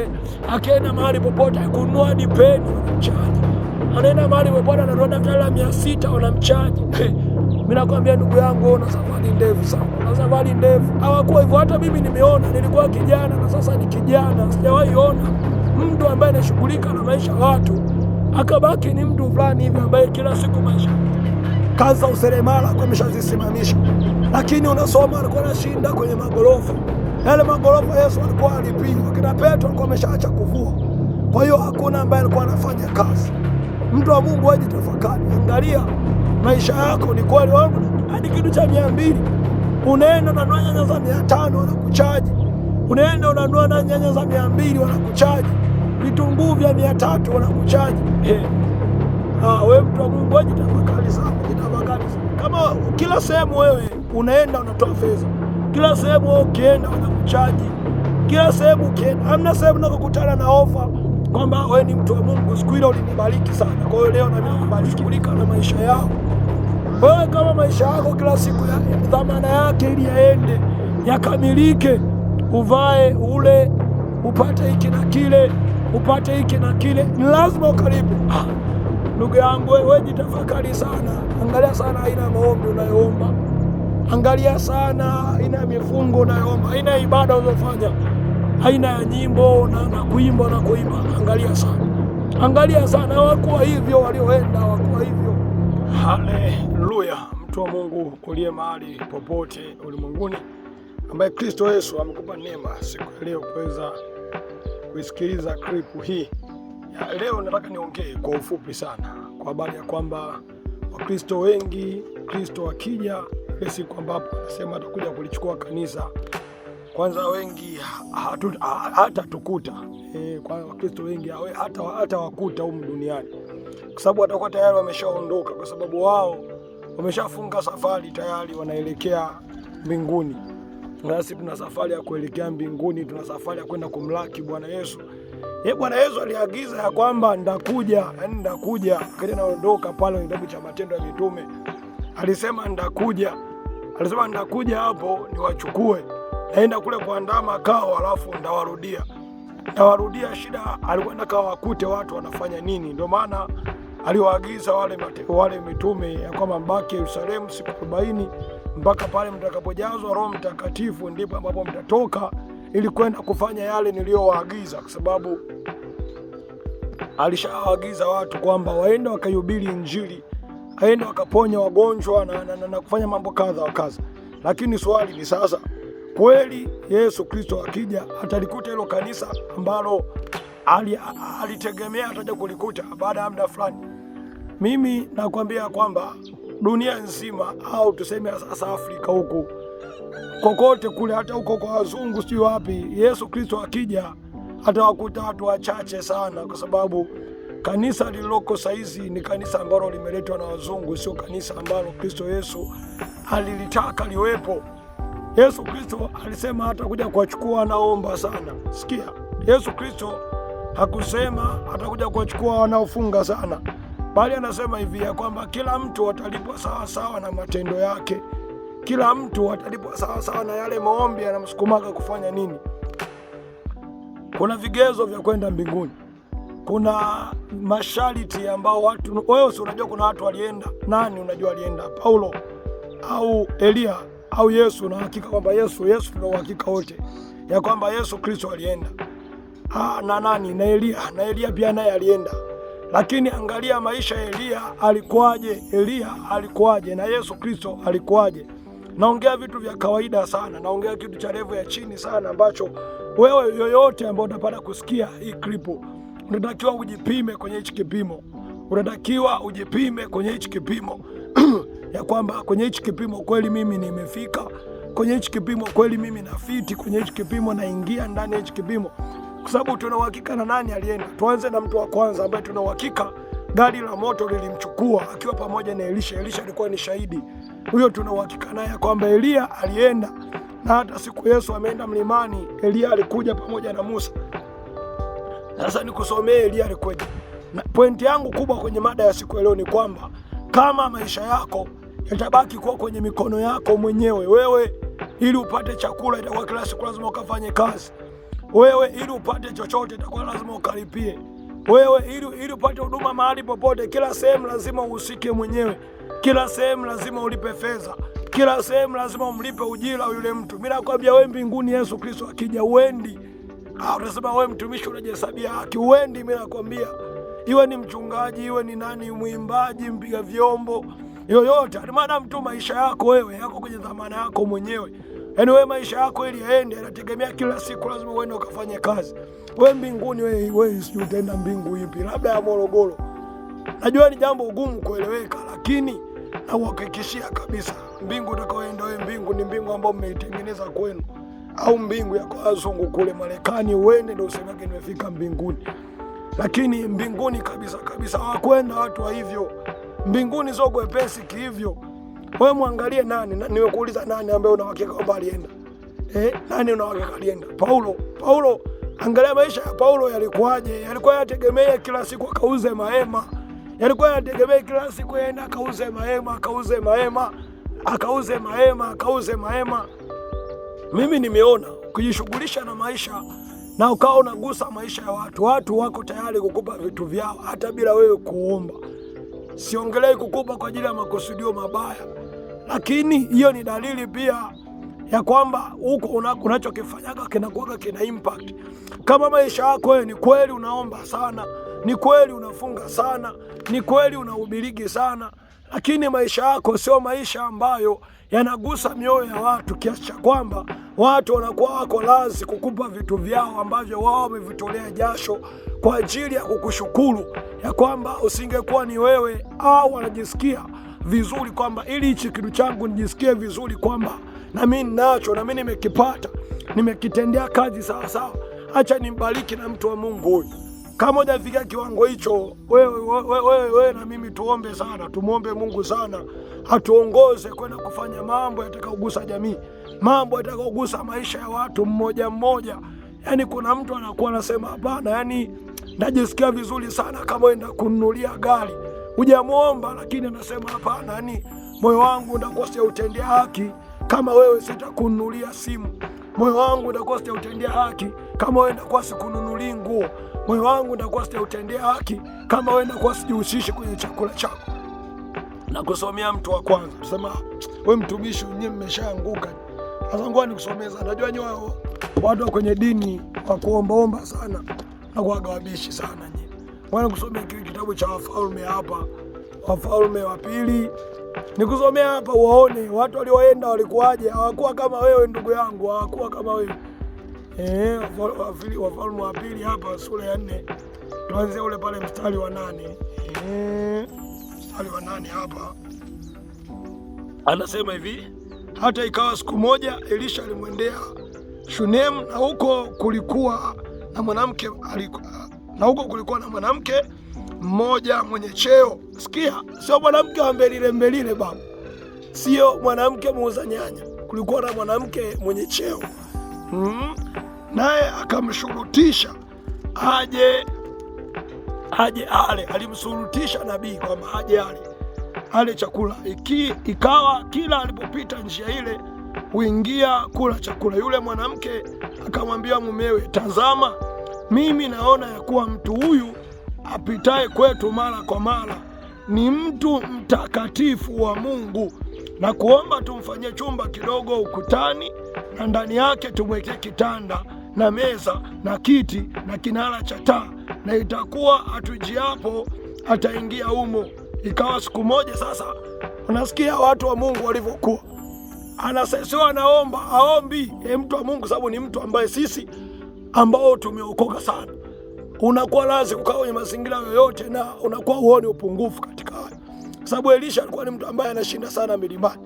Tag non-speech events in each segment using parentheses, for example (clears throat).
aende akienda mahali popote kununua dipeni wanamchaji, anaenda mahali popote anatoa daftari la mia sita wanamchaji. Mimi nakwambia ndugu yangu, una safari ndefu sana, una safari ndefu. Hawakuwa hivyo, hata mimi nimeona, nilikuwa kijana na sasa ni kijana, sijawahi ona mtu ambaye anashughulika na maisha watu akabaki ni mtu fulani hivi ambaye kila siku maisha kazi za useremala kwa ameshazisimamisha, lakini unasoma alikuwa anashinda kwenye magorofa yale magorofa Yesu alikuwa alipiga, kina Petro alikuwa ameshaacha kuvua. Kwa hiyo hakuna ambaye alikuwa anafanya kazi. Mtu wa Mungu aje, tafakari, angalia maisha yako. Ni kweli wangu, hadi kitu cha mia mbili unaenda unanua nyanya za mia tano wanakuchaji, unaenda unanua na nyanya za mia mbili wanakuchaji, vitunguu vya mia tatu wanakuchaji. wewe mtu wa Mungu aje, tafakari sana, jitafakari sana. Kama kila sehemu wewe unaenda unatoa fedha kila sehemu ukienda wanakuchaji, kila sehemu ukienda, hamna sehemu nakokutana na ofa kwamba wewe ni mtu wa Mungu, siku ile ulinibariki sana, kwa hiyo leo nami shughulika na maisha yao. Wewe kama maisha yako kila siku ya dhamana yake, ili yaende yakamilike, uvae ule, upate hiki na kile, upate hiki na kile, ni lazima ukaribu. Ah, ndugu yangu, wewe jitafakari sana, angalia sana aina ya maombi unayoomba. Angalia sana aina ya mifungo unayoomba, aina ya ibada unayofanya, aina ya nyimbo na, na kuimba na kuimba. Angalia sana, angalia sana. wakuwa hivyo walioenda, wakuwa hivyo. Haleluya! Mtu wa Mungu uliye mahali popote ulimwenguni, ambaye Kristo Yesu amekupa neema siku ya leo kuweza kuisikiliza klipu hii ya leo, nataka niongee kwa ufupi sana kwa habari ya kwamba Wakristo wengi, Kristo akija siku ambapo anasema atakuja kulichukua kanisa. Kwanza wengi hata tukuta e, kwa Wakristo wengi hata, hata wakuta humu duniani, kwa sababu watakuwa tayari wameshaondoka, kwa sababu wao wameshafunga safari tayari, wanaelekea mbinguni. Nasi tuna safari ya kuelekea mbinguni, tuna safari ya kwenda kumlaki Bwana Yesu. Ye, Bwana Yesu aliagiza ya kwamba ndakuja, yani ndakuja, kile naondoka pale kitabu cha Matendo ya Mitume alisema ndakuja alisema nitakuja hapo niwachukue, naenda kule kuandaa makao, alafu ndawarudia ndawarudia. Shida alikwenda wakute watu wanafanya nini, ndio maana aliwaagiza wale, wale mitume ya kwamba mbaki Yerusalemu siku arobaini mpaka pale mtakapojazwa Roho Mtakatifu, ndipo ambapo mtatoka ili kwenda kufanya yale niliyowaagiza, kwa sababu alishawaagiza watu kwamba waende wakaihubiri Injili aende wakaponya wagonjwa na, na, na, na kufanya mambo kadha wa kadha, lakini swali ni sasa, kweli Yesu Kristo akija atalikuta hilo kanisa ambalo alitegemea ataja kulikuta baada ya muda fulani? Mimi nakwambia kwamba dunia nzima au tuseme sasa Afrika huku kokote kule, hata huko kwa wazungu sijui wapi, Yesu Kristo akija atawakuta watu wachache sana, kwa sababu Kanisa lililoko saizi ni kanisa ambalo limeletwa na wazungu, sio kanisa ambalo Kristo Yesu alilitaka liwepo. Yesu Kristo alisema hata kuja kuwachukua wanaoomba sana. Sikia, Yesu Kristo hakusema atakuja kuwachukua wanaofunga sana, bali anasema hivi ya kwamba kila mtu atalipwa sawasawa na matendo yake, kila mtu atalipwa sawasawa na yale maombi anamsukumaga kufanya nini. Kuna vigezo vya kwenda mbinguni, kuna masharti ambao watu wewe, si unajua kuna watu walienda. Nani unajua alienda? Paulo au Elia au Yesu? Na hakika kwamba Yesu, Yesu tuna uhakika wote ya kwamba Yesu Kristo alienda. Ah, na nani na Elia, na Elia pia naye alienda, lakini angalia maisha ya Elia alikuwaje? Elia alikuwaje? na Yesu Kristo alikuwaje? Naongea vitu vya kawaida sana, naongea kitu cha levo ya chini sana ambacho wewe yoyote ambao utapata kusikia hii klipu unatakiwa ujipime kwenye hichi kipimo, unatakiwa ujipime kwenye hichi kipimo (clears throat) ya kwamba kwenye hichi kipimo kweli mimi nimefika kwenye hichi kipimo kweli mimi nafiti kwenye hichi kipimo, naingia ndani ya hichi kipimo, kwa sababu tuna uhakika na nani alienda. Tuanze na mtu wa kwanza ambaye tuna uhakika gari la moto lilimchukua akiwa pamoja na Elisha. Elisha alikuwa ni shahidi, huyo tuna uhakika naye kwamba Elia alienda, na hata siku Yesu ameenda mlimani, Elia alikuja pamoja na Musa. Sasa nikusomee Elia Likweja. Pointi yangu kubwa kwenye mada ya siku leo ni kwamba kama maisha yako yatabaki kuwa kwenye mikono yako mwenyewe wewe, ili upate chakula itakuwa kila siku lazima ukafanye kazi wewe, ili upate chochote itakuwa lazima ukalipie wewe, ili ili upate huduma mahali popote, kila sehemu lazima uhusike mwenyewe, kila sehemu lazima ulipe fedha, kila sehemu lazima umlipe ujira yule mtu. Mimi nakwambia wewe, mbinguni Yesu Kristo akija uendi au ah, utasema wewe mtumishi unajihesabia haki. Uendi, mimi nakwambia, iwe ni mchungaji, iwe ni nani, mwimbaji, mpiga vyombo, yoyote maadamu tu maisha yako wewe yako kwenye dhamana yako mwenyewe. Yaani wewe maisha yako ili yaende yanategemea kila siku, lazima uende ukafanye kazi. Wewe mbinguni, wewe wewe, sijui utaenda mbingu ipi, labda ya Morogoro. Najua ni jambo gumu kueleweka, lakini nauhakikishia kabisa, mbingu utakaoenda wewe, mbingu ni mbingu ambayo mmeitengeneza kwenu au mbingu ya kwa wazungu kule Marekani uende ndio usemeke nimefika mbinguni, lakini mbinguni kabisa kabisa hawakwenda watu wa hivyo. Mbinguni sio kwepesi kihivyo. Wewe mwangalie nani, nimekuuliza nani ambaye una uhakika kwamba alienda eh? Nani una uhakika alienda? Paulo, Paulo, angalia maisha ya Paulo yalikuwaje? Yalikuwa yategemea kila siku akauze mahema, yalikuwa yategemea kila siku aenda akauze mahema, akauze mahema, akauze mahema, akauze mahema mimi nimeona ukijishughulisha na maisha na ukawa unagusa maisha ya watu, watu wako tayari kukupa vitu vyao hata bila wewe kuomba. Siongelei kukupa kwa ajili ya makusudio mabaya, lakini hiyo ni dalili pia ya kwamba huko unachokifanyaga kinakuwaga kina impact. Kama maisha yako wewe ni kweli unaomba sana, ni kweli unafunga sana, ni kweli unahubirigi sana lakini maisha yako sio maisha ambayo yanagusa mioyo ya watu kiasi cha kwamba watu wanakuwa wako lazi kukupa vitu vyao ambavyo wao wamevitolea jasho kwa ajili ya kukushukuru ya kwamba usingekuwa ni wewe, au wanajisikia vizuri kwamba ili hichi kitu changu nijisikie vizuri kwamba na mi ninacho, na mi nimekipata, nimekitendea kazi sawasawa, acha nimbariki na mtu wa Mungu huyu. Kama hujafikia kiwango hicho, wewe we, we, we, na mimi tuombe sana, tumwombe Mungu sana atuongoze kwenda kufanya mambo yatakayogusa jamii, mambo yatakayogusa maisha ya watu mmoja mmoja. yani kuna mtu anakuwa anasema hapana, yani najisikia vizuri sana kama enda kununulia gari, hujamwomba lakini anasema hapana, yani moyo wangu ndakuwa sijautendea haki kama wewe sitakununulia simu, moyo wangu ndakuwa sijautendea haki kama wewe ndakuwa sikununulii nguo moyo wangu nitakuwa sitautendea haki kama wewe nakuwa sijihusishi kwenye chakula chako. Nakusomea mtu wa kwanza, tusema we mtumishi, nyie mmeshaanguka sasa. Ngoja nikusomee sana, najua wao watu wa kwenye dini wa kuombaomba sana na kuaga sana nyie. Ngoja nikusomea kile kitabu cha Wafalme hapa, Wafalme wa Pili nikusomea hapa uwaone watu walioenda walikuwaje. Hawakuwa kama wewe ndugu yangu, hawakuwa kama wewe eh, Wafalme wa pili hapa sura ya nne tuanze ule pale mstari wa nane eh, mstari wa nane hapa anasema hivi, hata ikawa siku moja Elisha alimwendea Shunemu, na huko kulikuwa na mwanamke na huko kulikuwa na mwanamke mmoja mwenye cheo. Sikia, sio mwanamke wa mbelile mbelile, baba, sio mwanamke muuza nyanya. Kulikuwa na mwanamke mwenye cheo mm naye akamshurutisha aje aje ale, alimshurutisha nabii kwamba aje ale ale chakula iki, ikawa kila alipopita njia ile huingia kula chakula. Yule mwanamke akamwambia mumewe, tazama, mimi naona ya kuwa mtu huyu apitaye kwetu mara kwa mara ni mtu mtakatifu wa Mungu, na kuomba tumfanyie chumba kidogo ukutani, na ndani yake tumwekee kitanda na meza na kiti na kinara cha taa, na itakuwa atujiapo ataingia humo. Ikawa siku moja sasa, unasikia watu wa Mungu walivyokuwa, anasesio anaomba aombi e, mtu wa Mungu, sababu ni mtu ambaye sisi ambao tumeokoka sana, unakuwa lazima kukaa kwenye mazingira yoyote, na unakuwa uone upungufu katika hayo, sababu Elisha alikuwa ni mtu ambaye anashinda sana milimani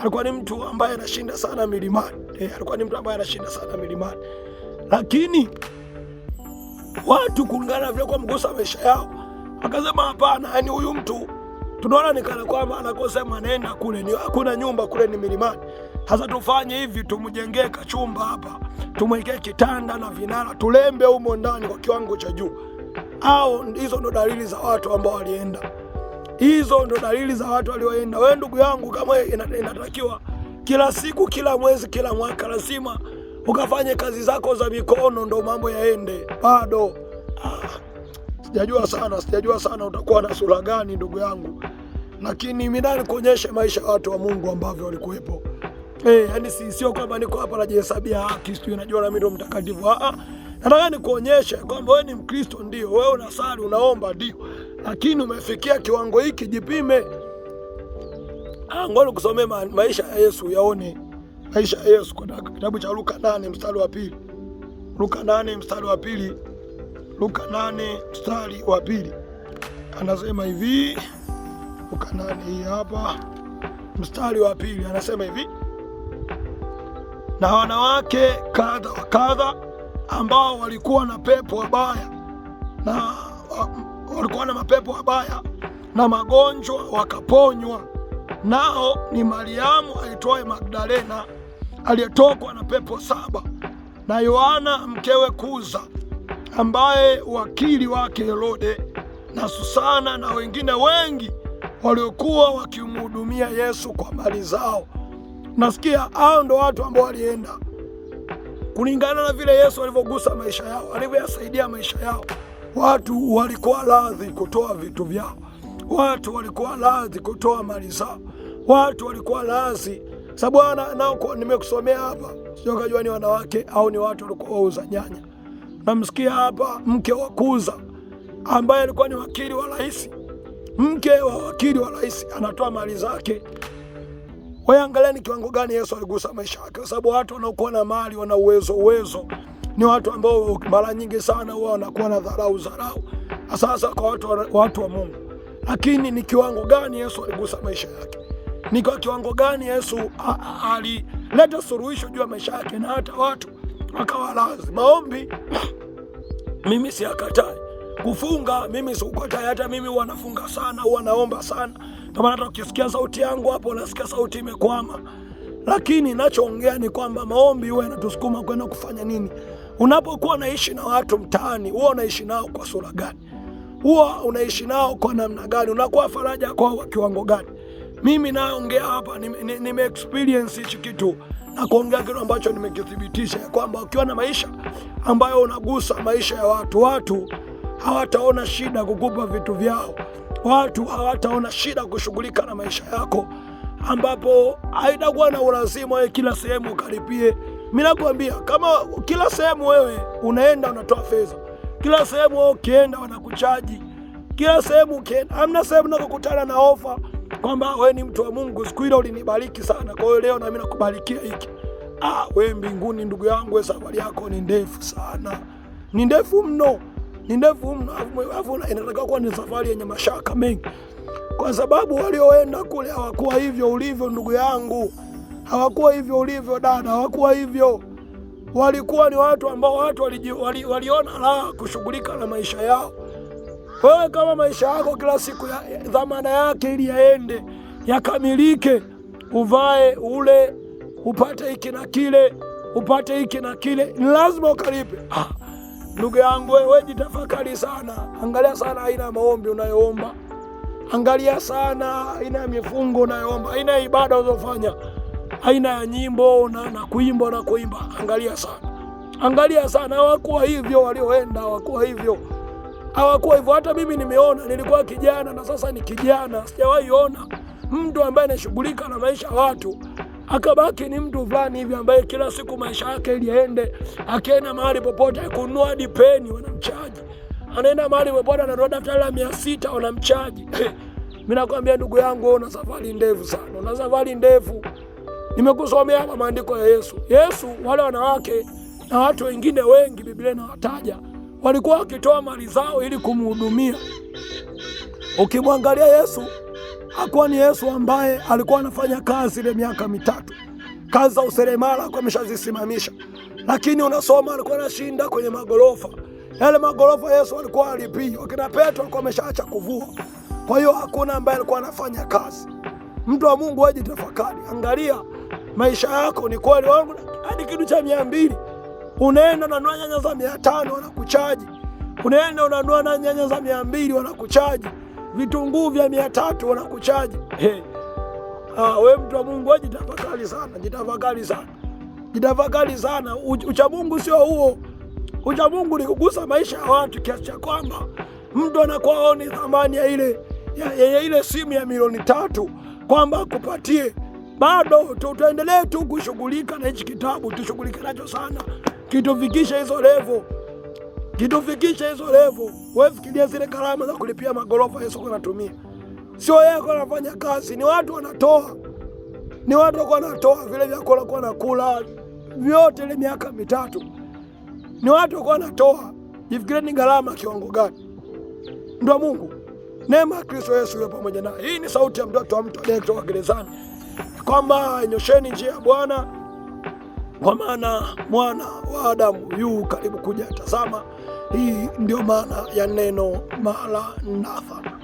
alikuwa ni mtu ambaye anashinda sana milimani. Eh, alikuwa ni mtu ambaye anashinda sana milimani lakini watu kulingana vile kwa mgusa maisha yao, akasema hapana, yani huyu mtu tunaona kana kwamba anakosa maneno kule, ni hakuna nyumba kule, ni milimani. Sasa tufanye hivi, tumjengee kachumba hapa, tumwekee kitanda na vinara, tulembe humo ndani kwa kiwango cha juu. Au hizo ndo dalili za watu ambao walienda, hizo ndo dalili za watu walioenda. Wewe ndugu yangu, kama inatakiwa kila siku, kila mwezi, kila mwaka lazima ukafanye kazi zako za mikono, ndo mambo yaende. Bado ah, sijajua sana, sijajua sana utakuwa na sura gani ndugu yangu, lakini mimi ndani kuonyesha maisha ya watu wa Mungu ambavyo walikuwepo. Eh, yani si sio kwamba niko hapa najihesabia haki, sio najua mimi ndo mtakatifu. Ah, ah. nataka nikuonyeshe kwamba wewe ni Mkristo, ndio wewe unasali, unaomba, ndio, lakini umefikia kiwango hiki, jipime. Ah, ngoja nikusomee maisha ya Yesu yaone maisha ya Yesu kwenye kitabu cha Luka nane mstari wa pili Luka nane mstari wa pili Luka nane mstari wa pili anasema hivi. Luka nane hii hapa mstari wa pili anasema hivi, na wanawake kadha wa kadha ambao walikuwa na pepo wabaya na walikuwa na mapepo wabaya na magonjwa wakaponywa, nao ni Mariamu aitwaye Magdalena aliyetokwa na pepo saba na Yohana mkewe Kuza, ambaye wakili wake Herode na Susana na wengine wengi waliokuwa wakimhudumia Yesu kwa mali zao. Nasikia hao ndo watu ambao walienda kulingana na vile Yesu alivyogusa maisha yao, alivyoyasaidia maisha yao. Watu walikuwa radhi kutoa vitu vyao, watu walikuwa radhi kutoa mali zao, watu walikuwa radhi sasa bwana, nao nimekusomea hapa, sio kajua ni wanawake au ni watu walikuwa wauza nyanya. Namsikia hapa mke wa kuuza ambaye alikuwa ni wakili wa rais, mke wa wakili wa rais anatoa mali zake. Wewe angalia ni kiwango gani Yesu aligusa maisha yake, kwa sababu watu wanaokuwa na mali wana uwezo uwezo ni watu ambao mara nyingi sana huwa wanakuwa na dharau dharau, sasa kwa watu, watu wa Mungu. Lakini ni kiwango gani Yesu aligusa maisha yake? ni kwa kiwango gani Yesu alileta suluhisho juu ya maisha yake na hata watu wakawa wakawalazi. Maombi mimi siyakatai, kufunga mimi sikukatai, hata mimi wanafunga sana, huwa naomba sana. Ndio maana hata ukisikia sauti yangu hapo unasikia sauti imekwama, lakini nachoongea ni kwamba maombi huwa yanatusukuma kwenda kufanya nini. Unapokuwa unaishi na watu mtaani, huwa unaishi nao kwa sura gani? Huwa unaishi nao kwa namna gani? Unakuwa faraja kwao kwa kiwango gani? Mimi naongea hapa nime, nime hichi kitu na kuongea kitu ambacho nimekithibitisha ya kwamba ukiwa na maisha ambayo unagusa maisha ya watu, watu hawataona shida kukupa vitu vyao, watu hawataona shida kushughulika na maisha yako, ambapo haitakuwa na ulazima wewe kila sehemu ukaripie. Mimi nakwambia kama kila sehemu wewe unaenda unatoa fedha, kila sehemu wewe ukienda wanakuchaji, kila sehemu ukienda, hamna sehemu nakukutana na ofa kwamba wewe ni mtu wa Mungu, siku ile ulinibariki sana, kwa hiyo leo nami nakubarikia hiki. Ah, wewe mbinguni, ndugu yangu, wewe safari yako ni ndefu sana, ni ndefu mno, ni ndefu mno, alafu inatakiwa kuwa ni safari yenye mashaka mengi, kwa sababu walioenda kule hawakuwa hivyo ulivyo, ndugu yangu, hawakuwa hivyo ulivyo dada, hawakuwa hivyo walikuwa ni watu ambao watu waliona raha kushughulika na maisha yao, wewe kama maisha yako kila siku ya, dhamana yake ili yaende yakamilike, uvae ule, upate hiki na kile, upate hiki na kile, ni lazima ukalipe. Ah, ndugu yangu, wewe jitafakari sana, angalia sana aina ya maombi unayoomba, angalia sana aina ya mifungo unayoomba, aina ya ibada unazofanya, aina ya nyimbo na, na kuimba na kuimba, angalia sana, angalia sana. Hawakuwa hivyo walioenda, hawakuwa hivyo hawakuwa hivyo. Hata mimi nimeona, nilikuwa kijana na sasa ni kijana, sijawahi ona mtu ambaye anashughulika na maisha ya watu akabaki ni mtu fulani hivi ambaye kila siku maisha yake ili aende, akienda mahali popote kununua hadi peni wanamchaji, anaenda mahali popote anaona daftari la mia sita wanamchaji. (clears throat) Mimi nakwambia ndugu yangu, una safari ndefu sana, una safari ndefu. Nimekusomea hapa maandiko ya Yesu. Yesu wale wanawake na watu wengine wengi Biblia inawataja walikuwa wakitoa mali zao ili kumhudumia. Ukimwangalia Yesu, hakuwa ni Yesu ambaye alikuwa anafanya kazi ile miaka mitatu, kazi za useremala alikuwa ameshazisimamisha, lakini unasoma alikuwa anashinda kwenye magorofa yale magorofa Yesu alikuwa alipii. Wakina Petro alikuwa ameshaacha kuvua, kwa hiyo hakuna ambaye alikuwa anafanya kazi. Mtu wa Mungu, wewe tafakari, angalia maisha yako, ni kweli wangu hadi kitu cha mia mbili Unaenda unanua nyanya za mia tano wanakuchaji, unaenda unanua na nyanya za mia mbili wanakuchaji, vitunguu vya mia tatu wanakuchaji. Hey. Ah, we mtu wa Mungu, jitafakari sana, jitafakari sana, jitafakari sana. Uchamungu sio huo. Uchamungu ni kugusa maisha ya watu kiasi cha kwamba mtu anakuwa aone thamani ya ile ya, ya, ya ile simu ya milioni tatu kwamba akupatie. Bado tutaendelee tu kushughulika na hichi kitabu, tushughulike nacho sana kitofikisha hizo levo, kitofikisha hizo levo. Wewe fikiria zile gharama za kulipia magorofa Yesu anatumia, sio yeye kwa anafanya kazi, ni watu wanatoa, ni watu kwa wanatoa vile vya kula kwa nakula vyote ile miaka mitatu, ni watu kwa wanatoa. Jifikirie ni gharama kiwango gani? Ndio Mungu neema ya Kristo Yesu iwe pamoja naye. Hii ni sauti ya mtoto wa mtu aliyetoka gerezani kwamba nyosheni njia ya Bwana kwa maana mwana wa Adamu yu karibu kuja. Tazama, hii ndio maana ya neno maranatha.